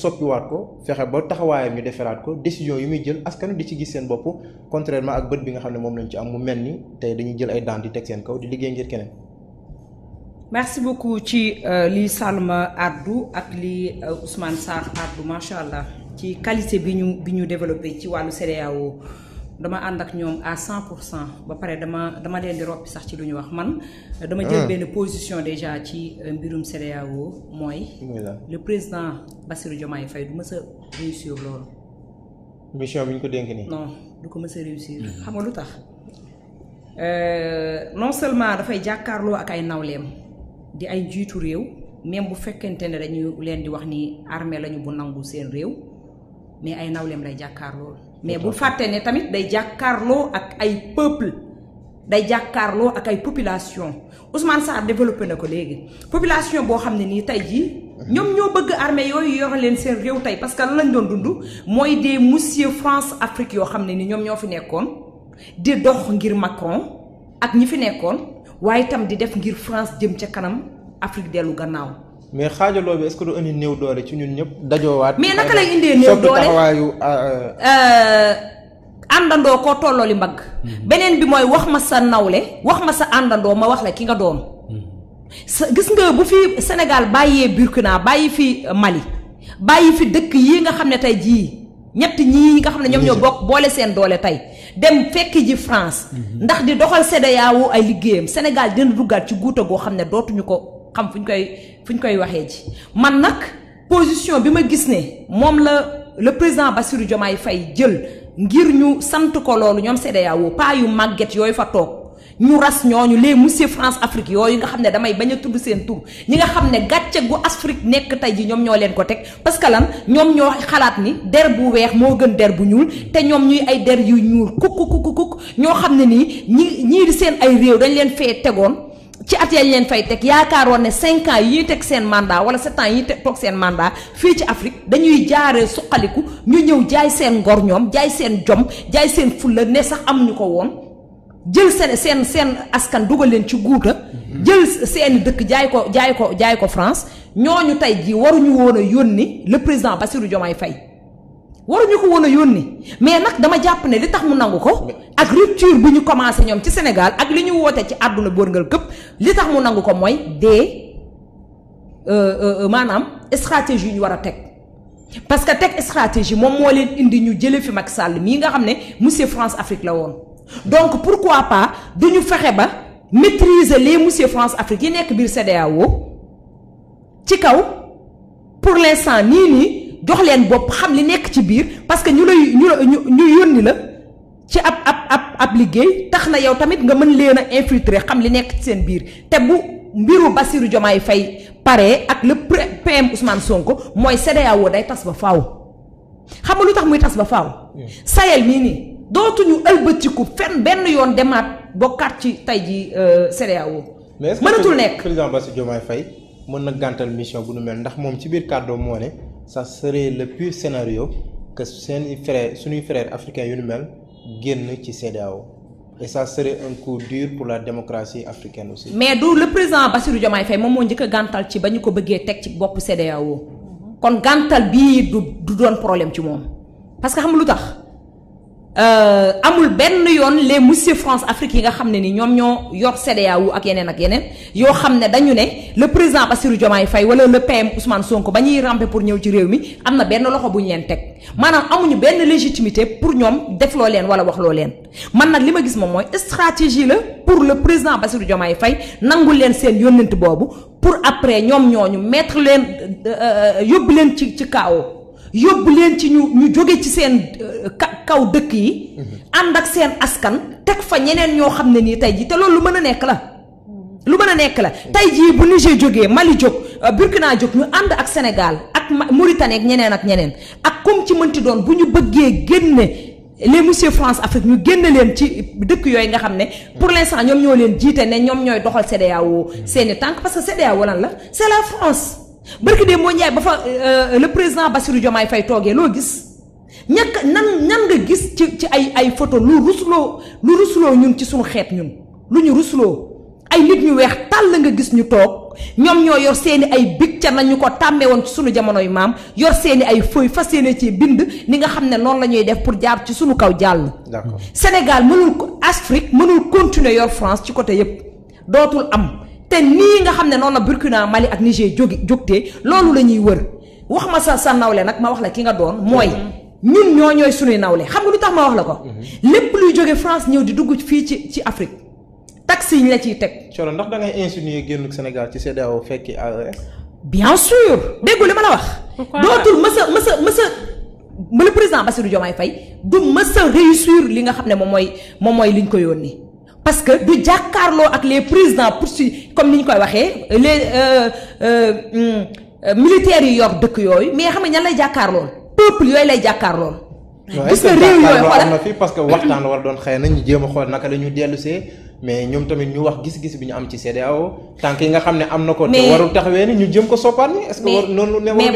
soppiwaat ko fexe ba taxawaayam ñu deferaat ko décision yu muy jël askan di ci gis seen bopp contrairement ak bët bi nga xam ne moom lañ ci am mu mel ni tey dañuy jël ay daan di teg seen kaw di liggéey ngir keneen. merci beaucoup ci euh, li Salma addu ak lii euh, Ousmane Sarr addu macha allah ci qualité bi ñu bi ñu développé ci wàllu CEDEAO dama ànd ak ñoom à 100 cent ba pare dama dama leen di roppi sax ci lu ñu wax man. dama jël ah. benn position déjà ci euh, mbirum CEDEAO mooy. le président Bassirou Diomaye Faye du mës a réussir loolu. mission bi ñu ko dénk nii. non du ko mës a réussir. Mm-hmm. xam nga lu tax euh, non seulement dafay jàkkaarloo ak ay nawleem di ay jiitu réew même bu fekkente ne dañu leen di wax ni armée lañu bu nangu seen réew mais ay nawleem lay jàkkaarloo. mais bu fàttee ne tamit day jàkkaarloo ak ay peuple day jàkkaarloo ak ay population Ousmane Sarr développé na ko léegi population boo xam ne nii tey jii. ñoom ñoo bëgg armée yooyu yore leen seen réew tey parce que lan lañ doon dund mooy des monsieur France Afrique yoo xam ne ni ñoom ñoo fi nekkoon di dox ngir Macron ak ñi fi nekkoon waaye itam di def ngir France jëm ca kanam Afrique dellu gannaaw. mais xaajaloo bi est-ce que indi néew doole ci ñun ñëpp dajoowaat. mais naka lay indee néew doole euh, euh, àndandoo koo tolloo li mbagg. Mm-hmm. beneen bi mooy wax ma sa nawle wax ma sa àndandoo ma wax la ki nga doon. Mm-hmm. sa gis nga bu fi Sénégal bàyyee Burkina bàyyi fi Mali bàyyi fi dëkk yi nga xam ne tey jii ñett ñii nga xam ne ñoom ñoo bokk boole seen doole tey. dem fekki ji France. Mm-hmm. ndax di doxal CEDEAO ay liggéeyam Sénégal dina duggaat ci guuta goo xam ne dootuñu ko xam fu koy. fu ñu koy waxee ji man nag position bi ma gis ne moom la le président Bassirou Diomaye fay jël ngir ñu sant ko loolu ñoom CEDEAO pas yu màgget yooyu fa toog ñu ras ñooñu les monsieur France Afrique yooyu nga xam ne damay bañ a tudd seen tur ñi nga xam ne gàcce gu Afrique nekk tey ji ñoom ñoo leen ko teg parce que lan ñoom ñoo xalaat ni der bu weex moo gën der bu ñuul te ñoom ñuy ay der yu ñuul kuk kuk kuk ñoo xam ne nii ñi ñii di seen ay réew dañ leen fee tegoon ci at yañ leen fay teg yaakaaroon ne cinq ans yi teg seen mandat wala sept yi teg toog seen mandat fii ci Afrique dañuy jaaree suqaliku ñu ñëw jaay seen ngor ñoom jaay seen jom jaay seen fulla ne sax am ñu ko woon jël seen seen seen askan dugal leen ci guuta jël seen dëkk jaay ko jaay ko jaay ko France ñooñu tey jii waruñu woon a yónni le président ba Bassirou Diomaye Faye ñu ko woon a yónni mais nag dama jàpp ne li tax mu nangu ko ak rupture bi ñu commencé ñoom ci Sénégal ak li ñu woote ci àdduna bërngal këpp li tax mu nangu ko mooy des euh, euh, euh, maanaam stratégie yu ñu war a teg parce que teg stratégie moom moo leen indi ñu jële fi mag sàll mii nga xam ne monsieur France Afrique la woon donc pourquoi pas ñu fexe ba maîtriser les monsieur France Afrique yi nekk biir CEDEAO ci kaw pour l'instant nii nii jox leen bopp xam li nekk ci biir parce que ñu la ñu la ñu yónni la ci ab ab ab liggéey tax na yow tamit nga mën leen a infiltrer xam li nekk ci seen biir te bu mbiru Bassirou Diomaye fay pare ak le PM Ousmane Sonko mooy CEDEAO day tas ba faaw xam lu tax muy tas ba faw Sahel mii nii dootuñu ëlbatiku fenn benn yoon demaat bokkaat ci tey ji euh, CEDEAO. mënatul nekk mais est-ce que président Bassirou Diomaye Faye mën na gàntal mission bu nu mel ndax moom ci biir kàddoom moo ne. ça serait le pire scénario que seen frère suñuy frère africain yu nu mel génn ci CEDEAO et ça serait un coup dur pour la démocratie africaine aussi. mais du le président Bassirou Diomaye Faye moom moo njëkk a gàntal ci ba ñu ko bëggee teg ci bopp CEDEAO kon gàntal bii du du doon problème ci moom parce que xam lu tax. Euh, amul benn yoon les monsieur France Afrique yi nga xam ne ni ñoom ñoo yor CEDEAO ak yeneen ak yeneen yoo xam ne dañu ne le président Bassirou yi fay wala le PM Ousmane sonk ba ñuy ramper pour ñëw ci réew mi am na benn loxo bu ñu leen teg maanaam amuñu benn légitimité pour ñoom def loo leen wala wax loo leen man nag li ma gis moom mooy stratégie la pour le président Bassirou yi fay nangul leen seen yónnent boobu pour après ñoom ñooñu mettre leen euh, yóbbu leen ci ci kaw yóbbu ci ñu ñu jóge ci seen euh, kaw dëkk yi. ànd ak seen askan teg fa ñeneen ñoo xam ne nii tey jii te loolu lu mën a nekk la. lu mën a nekk la tey jii bu Niger jógee Mali jóg euh, Burkina jóg ñu ànd ak Sénégal ak Mauritanie ak ñeneen ak ñeneen ak comme ci mënti doon bu ñu bëggee génne les monsieur France Afrique ñu génne leen ci dëkk yooyu nga xam ne. pour l'instant ñoom ñoo leen jiite ne ñoom ñooy doxal CEDEAO seeni tànk parce que CEDEAO lan la c'est la France. barki de moo Ndiaye ba fa euh, euh, le président Bassirou Diomaye Faye toogee loo gis. ñàkk nan nan nga gis ci ci ay ay photo lu rusloo lu rusloo ñun ci suñu xeet ñun lu ñu rusloo ay nit ñu weex tàll nga gis ñu toog ñoom ñoo yor seeni ay bic ca nañu ko tàmmee woon ci suñu jamonoy maam yor seeni ay feuille fas yéene ci mbind ni nga xam ne noonu la ñuy def pour jaar ci suñu kaw jàll Sénégal mënul Afrique mënul continuer yor France ci côté yépp dootul am te nii nga xam ne noonu la Burkina Mali ak Niger jógi jógtee loolu la ñuy wër wax ma sa sa nawle nag ma wax la ki nga doon mooy mm-hmm. ñun ñoo ñooy sunuy nawle xam nga lu tax ma wax la ko. Mhm. lépp luy jóge France ñëw di dugg fii ci ci Afrique taxes yi ñu la ciy teg. Thioro ndax da ngay insinuer génn Sénégal ci CEDEAO fekki AES. bien sûr déggu li ma la wax. dootul mësa mësa mësa ba le président Bassirou Diomaye Faye du mësa réussir li nga xam ne moom mooy moom mooy li ñu ko yónnee parce que du jàkkaarloo ak les présidents poursuivis comme ni ñu koy waxee les euh, euh, euh, militaire yi yor dëkk yooyu mais xam nga ñan lay jàkkaarloo. peuple yooyu lay jàkkaarlool. gis nga réew yooyu xoolal na fi parce que waxtaan war doon xëy na ñu jéem a xool naka la dellusee mais ñoom tamit ñu wax gis-gis bi ñu am ci CEDEAO tànk yi nga xam ne am na ko. te taxawee ni ñu jëm ko soppaat ni est-ce que war noonu ne mais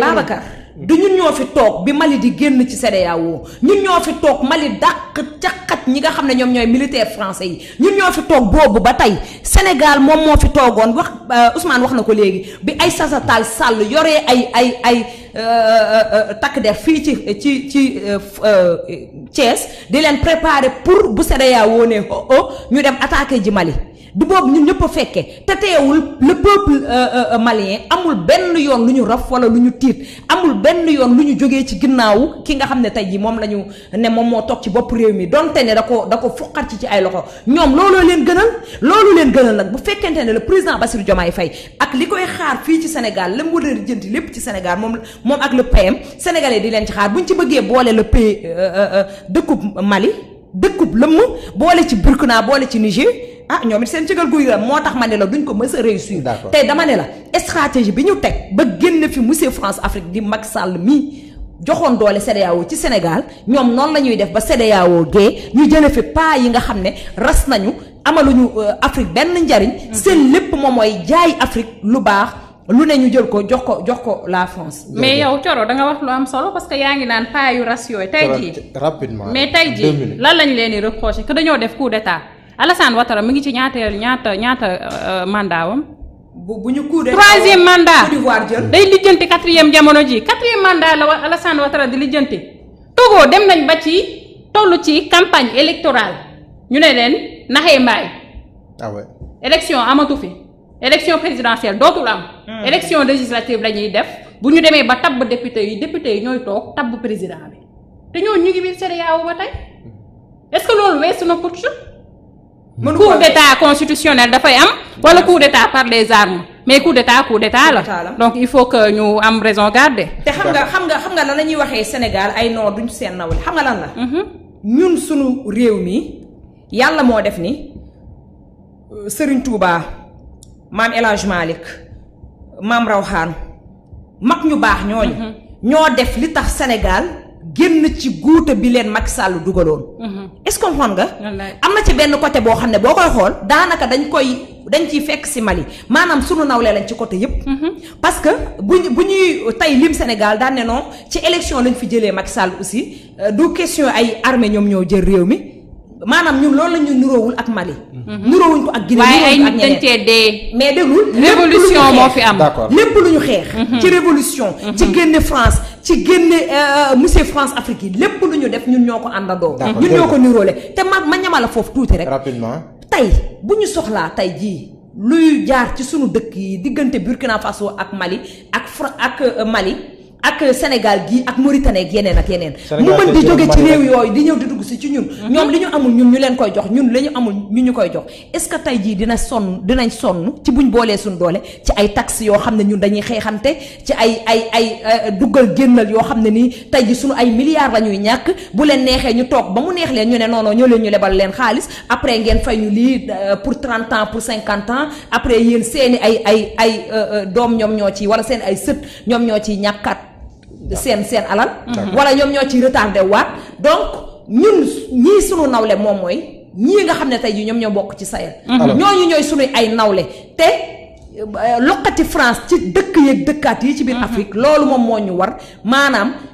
du ñun ñoo fi toog bi Mali di génn ci CEDEAO ñun ñoo fi toog Mali dàq caqat ñi nga xam ne ñoom ñooy militaire français yi ñun ñoo fi toog boobu ba tey Sénégal moom moo fi toogoon wax euh, Ousmane wax na ko léegi bi ay Aïssata Tall Sall yoree ay ay ay. Euh, euh, euh, takk def fii ci ci ci cees di leen préparer pour bu CEDEAO woonee o ñu dem attaquer ji Mali du boobu ñu ñëpp a fekkee te teewul le peuple euh, euh, euh, malien amul benn yoon lu ñu raf wala lu ñu tiit amul benn yoon lu ñu jógee ci ginnaaw ki nga xam ne tey jii moom la ñu ne moom moo toog ci bopp réew mi donte ne da ko da ko fuqar ci ci ay loxo ñoom looloo leen gënal loolu leen gënal nag bu fekkente ne le président Bassirou Diomaye Faye ak li koy xaar fii ci Sénégal la mu war a jënti lépp ci Sénégal moom moom ak le PM sénégalais di leen ci xaar bu ñu ci bëggee boole le pays Mali dëkkub lëmm boole ci Burkina boole ci Niger ah ñoom it seen cëgal guy la moo tax ma ne la duñ ko mës a réussir. tey dama ne la stratégie bi ñu teg ba génn fi monsieur France Afrique di Macky sàll mii joxoon doole CEDEAO ci Sénégal ñoom noonu la ñuy def ba CEDEAO gee ñu jële fi pas yi nga xam ne ras nañu ñu euh, Afrique benn njariñ mhm. seen lépp moom mooy jaay Afrique lu baax. lu ne ñu jël ko jox ko jox ko la France. mais yow Coro da nga wax lu am solo parce yaa ngi naan paa yu ras yooyu. tey jii rapidement mais tey lan lañ leen di reproché que dañoo def coup d'état Alassane Ouattara mu ngi ci ñaateel ñaata ñaata euh, mandat wam bu bu ñu kuuree troisième mandat day lijjanti quatrième jamono ji quatrième mandat la wa Alassane Ouattara di lijjanti Togo dem nañ ba ci toll ci campagne électorale ñu ne leen naxee mbaay. waaw amatu fi élection présidentielle dootul am. Hmm. élection législative la ñuy def bu ñu demee ba tabb député yi député yi ñooy toog tabb président bi te ñooñu ñu ngi biir CEDEAO ba tey hmm. est-ce que loolu weesu na putsch. mënu coup d'état constitutionnel dafay am. wala coup d'état par les armes mais coup d'état coup d'état la. donc il faut que ñu am raison garder. te xam nga xam nga xam nga lan la ñuy waxee Sénégal ay noo duñ seen nawle xam nga lan la. Mhm. ñun suñu réew mi yàlla moo def ni euh, sëriñ Touba maam El Hadj Malick maam Rawxaan mag ñu baax ñooñu. Mhm. ñoo def li tax Sénégal. génn ci guuta bi leen mag Sall dugaloon. Mhm. est-ce que xoon nga. am na ci benn côté boo xam ne boo koy xool daanaka dañ koy. dañ ciy fekk si Mali maanaam sunu nawle lañ ci côté yëpp. Mhm. parce que bu ñu bu ñuy tey lim Sénégal daan ne non ci élection lañ fi jëlee mag sàll aussi euh, du question ay armée ñoom ñoo jël réew mi. maanaam ñun loolu lañu ñu nuróowul ak Mali. Mhm. nuróowuñ ko ak Guinée waaye ay nit dañ mais déglu révolution fi am lépp lu ñu xeex. Mhm. ci révolution mhm. ci génne France ci génne euh, monsieur France Afrique yi lépp lu ñu def ñun ñoo ko àndandoo. ñun ñoo ko nuróole te ma ma ñamala foofu tuuti rek. rapidement tey bu ñu soxlaa tey jii. luy jaar ci sunu dëkk yi diggante Burkina Faso ak Mali ak Fra ak euh, Mali. ak Sénégal gii ak Mauritanie ak yeneen ak yeneen mu mën di jóge ci réew yooyu di ñëw di dugg si ci ñun mhm. ñoom li ñu amul ñun ñu leen koy jox ñun li ñu amul ñu ñu koy jox est-ce que tey jii dina sonn dinañ sonn ci buñ boolee suñ doole ci ay taxes yoo xam ne ñun dañuy xeexante ci ay ay ay euh, duggal génnal yoo xam ne nii tey ji suñu ay milliards la ñuy ñàkk bu leen neexee ñu toog ba mu neex leen ñu ne noonoo ñoo leen ñu lebal leen xaalis après ngeen fay ñu lii euh, pour 30 ans pour 50 ans après yéen seeni ay ay ay euh, doom ñoom ñoo ci wala seen ay sët ñoom ñoo ciy ñàkkaat seen seen alal wala ñoom ñoo ci retardé waat donc ñun ñii sunu nawle moom mooy ñii nga xam ne tey ji ñoom ñoo bokk ci Sahel mhm. ñooñu ñooy sunuy ay nawle te euh, loqati France ci dëkk yeeg dëkkaat yi ci biir mhm. Afrique loolu moom moo ñu war maanaam